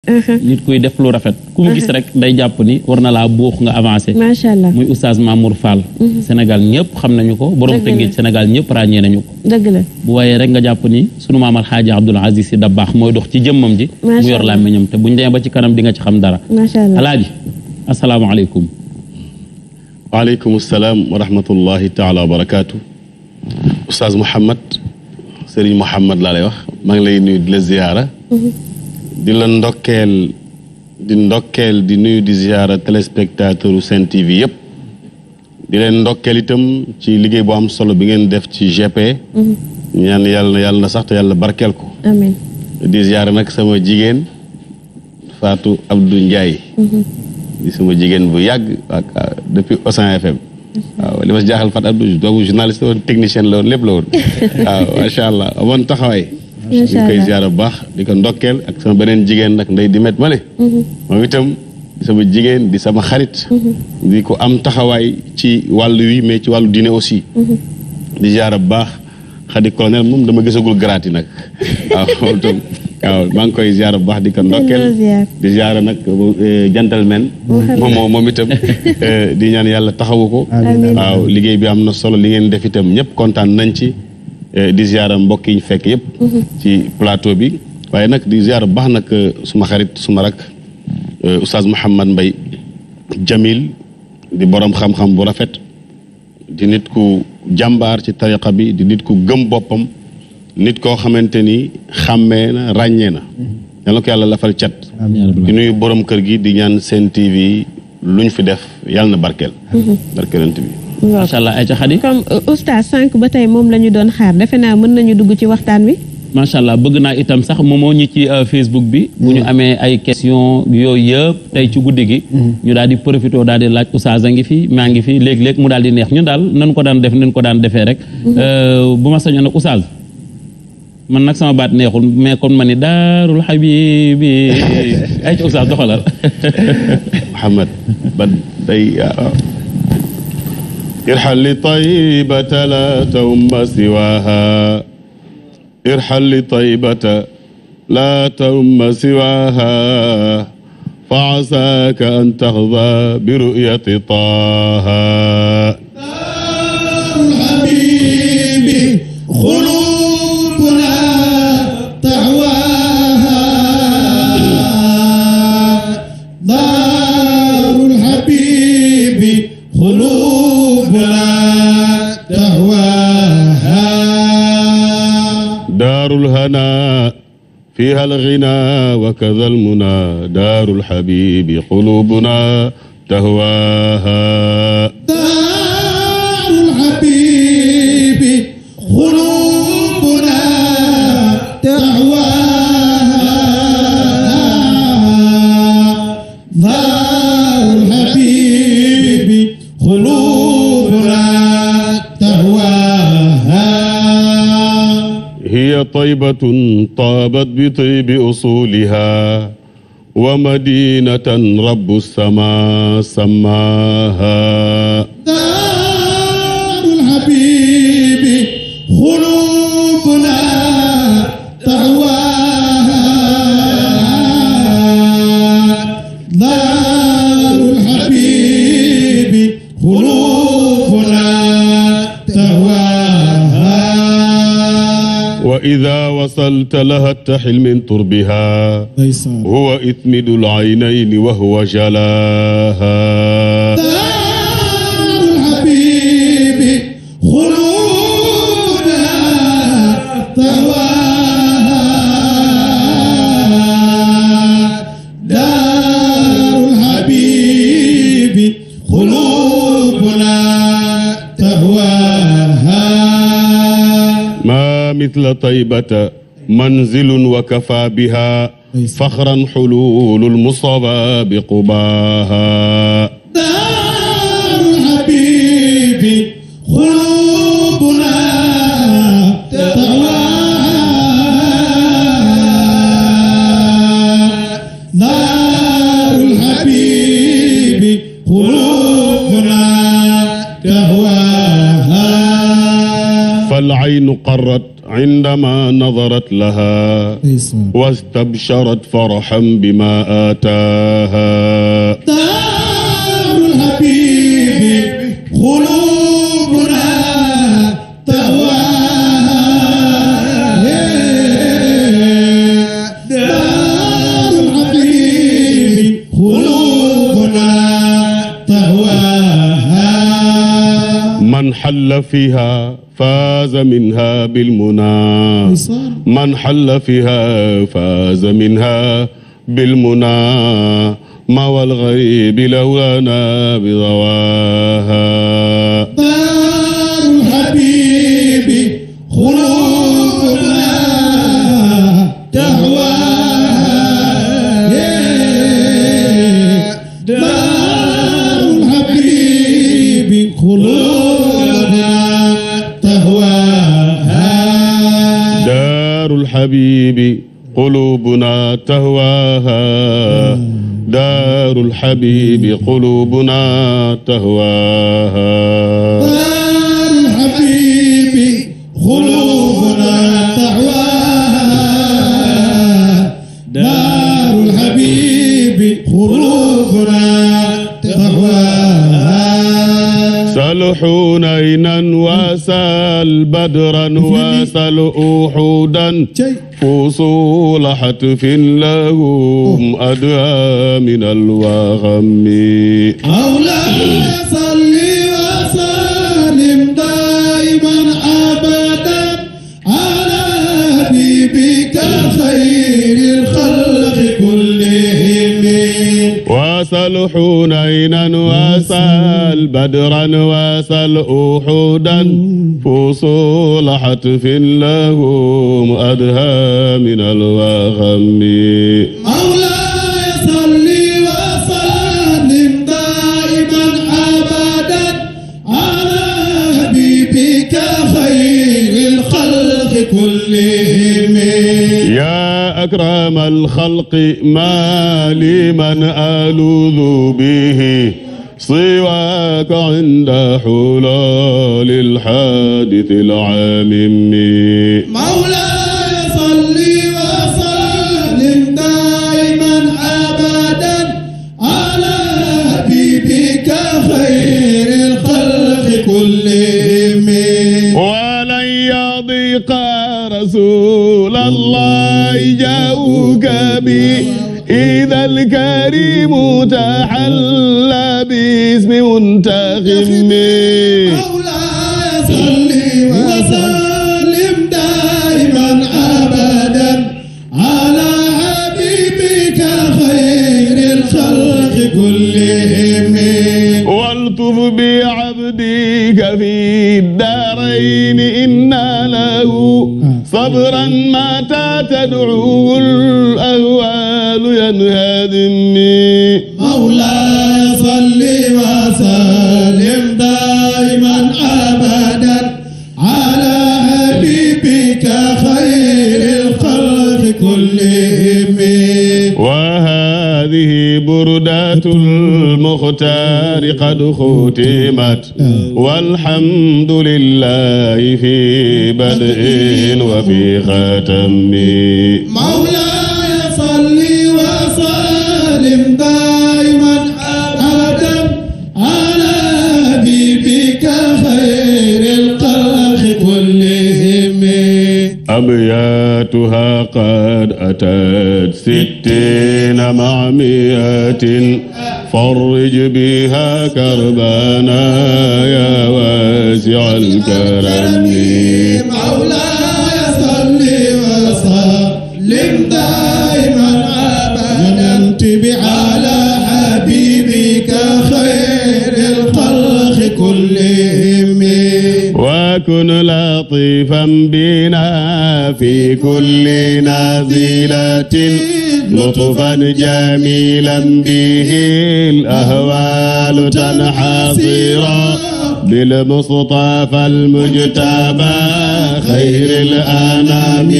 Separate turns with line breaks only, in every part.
Mhm. nit kuy def lu rafet ku mu mhm. gis rek day jàpp ni war na laa buux nga avancé macha allah muy oustaz Mamour Fall mhm. senegal ñëpp xam nañu ko borom tëngeej senegal ñëpp ràññee nañu ko dëgg bu waaye rek nga jàpp ni sunu maam alxaaji Abdoul Aziz Sy Dabakh mooy dox ci jëmmam ji mu yor làmmiñam te buñ demee ba ci kanam di nga ci xam dara macha allah alaaji asalaamaaleykum waaleykum salaam wa rahmatullahi taala wa barakaatu oustaz Mouhamad Serigne Mouhamad laa lay wax maa ngi lay nuyu la ziyaara di la ndokkeel di ndokkeel di nuyu di ziara téléspectateur u Sen TV yëpp di leen ndokkeel itam ci liggéey bu am solo bi ngeen def ci GP mhm. ñaan yàlla yàlla na sax yàlla barkeel ko amiin di ziara nag sama jigéen Fatou Abdou Ndiaye mhm. di sama jigéen bu yàgg ak ah, depuis Osan FM mhm. waaw li ma si jaaxal Fatou Abdou doogu journaliste la technicien la woon lépp la woon waaw macha allah amoon taxawaay ñu ngi koy bu baax di ko ndokkeel ak sama beneen jigéen nag nday di met male mhm. moom itam sama jigéen di sama xarit mhm. di ko am taxawaay ci wàll wi mais ci wàll diine aussi mhm. di ziar bu baax xadi colonel moom dama gisagul garaat nag waaw moom maa ngi koy ziar bu baax di ko ndokkeel di ziar nag eh, gentleman moom moom itam eh, di ñaan yàlla taxawu ko liggéey bi am na solo li ngeen def itam ñëpp kontaan nañ ci Eh, di ziara mbokk yi ñu fekk yëpp. Mhm. ci plateau bi waaye nag di ziara bu baax nag eh, suma xarit suma rak eh, oustaz Mouhamad mbay Jamil di boroom xam-xam bu rafet di nit ku jàmbaar ci tariqa bi di nit ku gëm boppam nit koo xamante ni xàmmee na ràññee na. Mhm. yàlla ko yàlla lafal cat. di nuyu boroom kër gi di ñaan seen TV luñ fi def yàlla na barkeel. Mhm. barkeelante bi. macha allah ay ca xadi comme euh, oustaz sànq ba tey moom la ñu doon xaar defe naa mën nañu dugg ci waxtaan wi. macha allah bëgg naa itam sax moo ñi ci euh, Facebook bi. bu ñu mm. amee ay question yooyu yëpp tey ci guddi gi. Mm. ñu daal di profité daal di laaj oustaz a ngi fi maa ngi fi léeg-léeg mu daal di neex ñun daal nañu ko daan def nañu ko daan defee rek. Mm-hmm. Euh, bu ma sañoon nag oustaz man nag sama baat neexul mais kon ma ni daarul xabibi ay ci oustaz doxalal. Mouhamed ارحل لطيبة لا تؤم سواها ارحل لطيبة لا تؤم سواها فعساك أن تحظى برؤية طه فيها الغنى وكذا المنى دار الحبيب قلوبنا تهواها طيبة طابت بطيب أصولها ومدينة رب السما سماها wa ida wasalta laha taxil min turbiha huwa itmidu laynayni wa huwa jalaha
habibi xuluda tawaha daarul habibi xulubuna tawaha
biha mitla taybata manzilun wa kafa biha faxran xululul mustafa bi qubaha قرت عندما نظرت لها واستبشرت فرحا بما آتاها
دار الحبيب قلوبنا تهواها دار الحبيب قلوبنا تهواها
من حل فيها فاز منها بالمنى من حل فيها فاز منها بالمنى ما والغيب لولانا بضواها الحبيب قلوبنا تهواها دار الحبيب قلوبنا تهواها
دار الحبيب قلوبنا تهواها دار
الحبيب قلوبنا
تهواها
سل حنينا وسل بدرا وسل أحدا وصول حتف لهم أدعى من الوغم مولاي
صل وسلم دائما أبدا على حبيبك خير الخلق
واسل حنينا واسل بدرا واسل أحدا فصول حتف لهم أدهى من الوهم أكرم الخلق ما لي من ألوذ به سواك عند حلول الحادث العامم
مولاي صل وسلم دائما أبدا على حبيبك خير
الخلق كلهم ولن يضيق رسول الله جاءوك به إذا الكريم تحلى باسم منتخب صبرا متى تدعو الأهوال ينهادمي مولاي صل وسلم هذه بردات المختار قد ختمت والحمد لله في بدء وفي ختم مولاي
صل وسلم دائما ابدا على حبيبك خير الخلق كلهم
ابيات زكاتها قد أتت ستين مع مئة فرج بها كربنا يا واسع الكرم وكن لطيفا بنا في كل نازلة لطفا جميلا به الأهوال تنحصرا للمصطفى المجتبى خير الأنام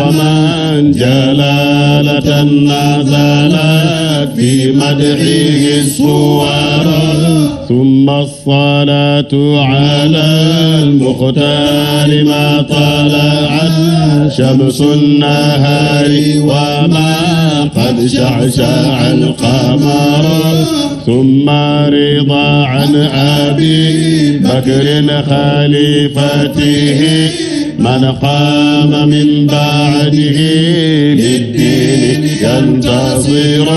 ومن جلالة نزلت في مدحه الصورا ثم الصلاة على المختار ما طلعت شمس النهار وما قد شعشع القمر ثم رضا عن أبي بكر خليفته من قام من بعده للدين ينتصر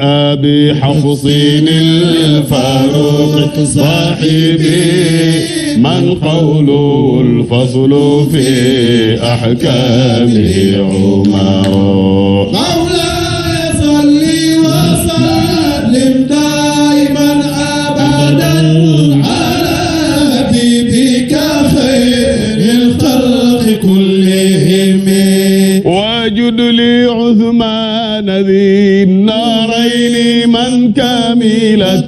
أبي حفصين الفاروق صاحبي من قوله الفصل في أحكامه عمر جميلة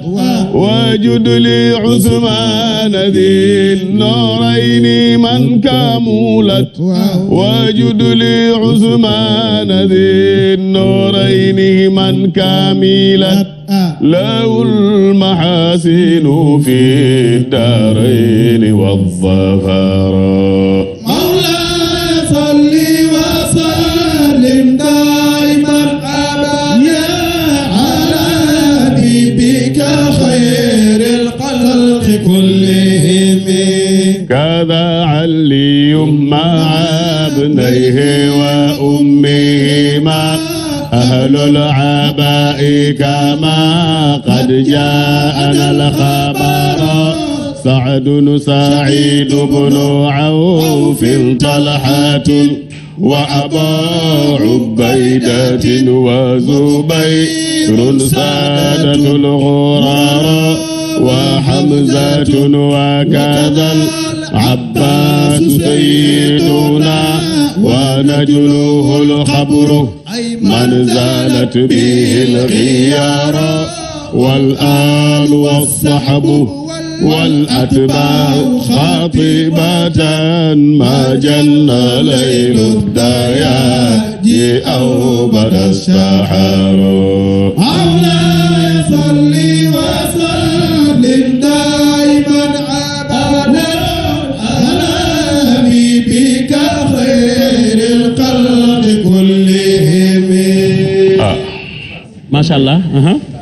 وجد لي عثمان ذي النورين من كامولت وجد لي عثمان ذي النورين من كاملت له المحاسن في الدارين والظفران كذا علي مع ابنيه وامه ما أهل العباء كما قد جاءنا الخبر سعد سعيد بن عوف طلحة وأبا عبيدة وزبير سادة الغرار وحمزة وكذا العباس سيدنا ونجله الخبر من زالت به الغيار والآل والصحب والأتباع خاطبة ما جن ليل الدايا أو بدا السحر مولاي صلى macha allah. Uh-huh.